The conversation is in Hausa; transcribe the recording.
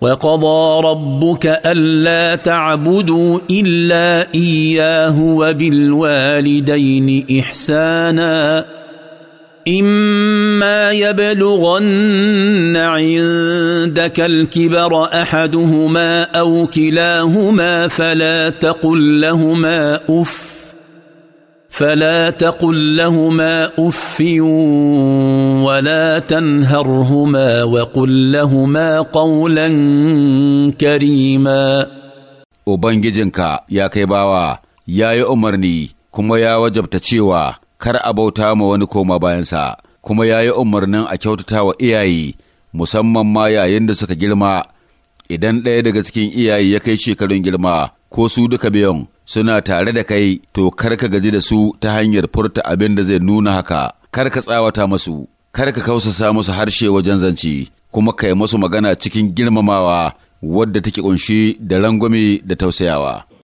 وقضى ربك الا تعبدوا الا اياه وبالوالدين احسانا اما يبلغن عندك الكبر احدهما او كلاهما فلا تقل لهما اف فلا تقل لهما اف ولا تنهرهما وقل لهما قولا كريما Ubangijinka ya kai bawa ya yi umarni kuma ya wajabta cewa kar a bauta ma wani koma bayansa kuma ya yi umarnin a kyautata wa iyaye musamman ma yayin da suka girma idan ɗaya daga cikin iyaye ya kai shekarun girma ko su duka biyun suna tare da kai to kar ka gaji da su ta hanyar furta abin da zai nuna haka kar ka tsawata masu kar ka kausasa musu harshe wajen zance kuma kai musu magana cikin girmamawa wadda take kunshi da rangwame da tausayawa